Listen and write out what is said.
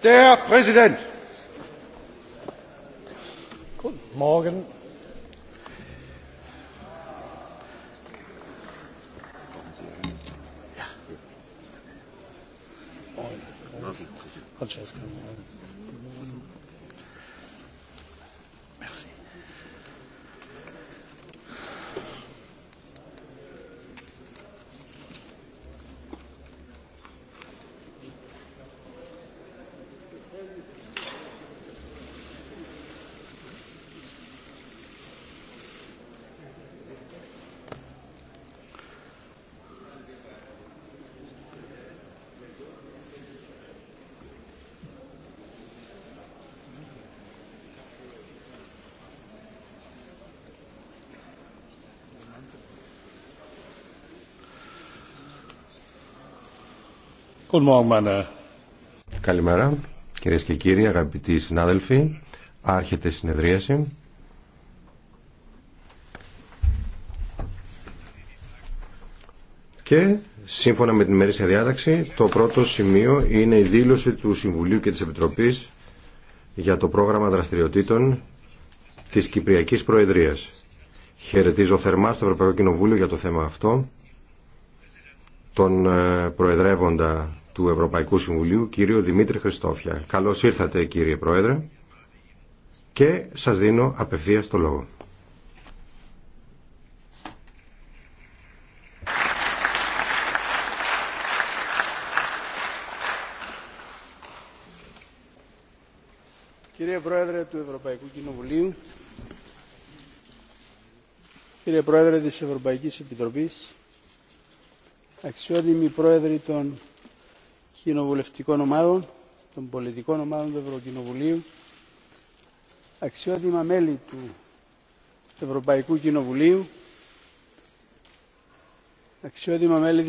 Herr Präsident. Guten Morgen. Ja. Καλημέρα κυρίες και κύριοι αγαπητοί συνάδελφοι άρχεται η συνεδρίαση και σύμφωνα με την ημερήσια διάταξη το πρώτο σημείο είναι η δήλωση του Συμβουλίου και της Επιτροπής για το πρόγραμμα δραστηριοτήτων της Κυπριακής Προεδρίας. Χαιρετίζω θερμά στο Ευρωπαϊκό Κοινοβούλιο για το θέμα αυτό τον ε, Προεδρεύοντα του Ευρωπαϊκού Συμβουλίου, κύριο Δημήτρη Χριστόφια. Καλώς ήρθατε κύριε Πρόεδρε και σας δίνω απευθείας το λόγο. Κύριε Πρόεδρε του Ευρωπαϊκού Κοινοβουλίου, κύριε Πρόεδρε της Ευρωπαϊκής Επιτροπής, αξιότιμοι πρόεδροι των κοινοβουλευτικών ομάδων, των πολιτικών ομάδων του Ευρωκοινοβουλίου, αξιότιμα μέλη του Ευρωπαϊκού Κοινοβουλίου, αξιότιμα μέλη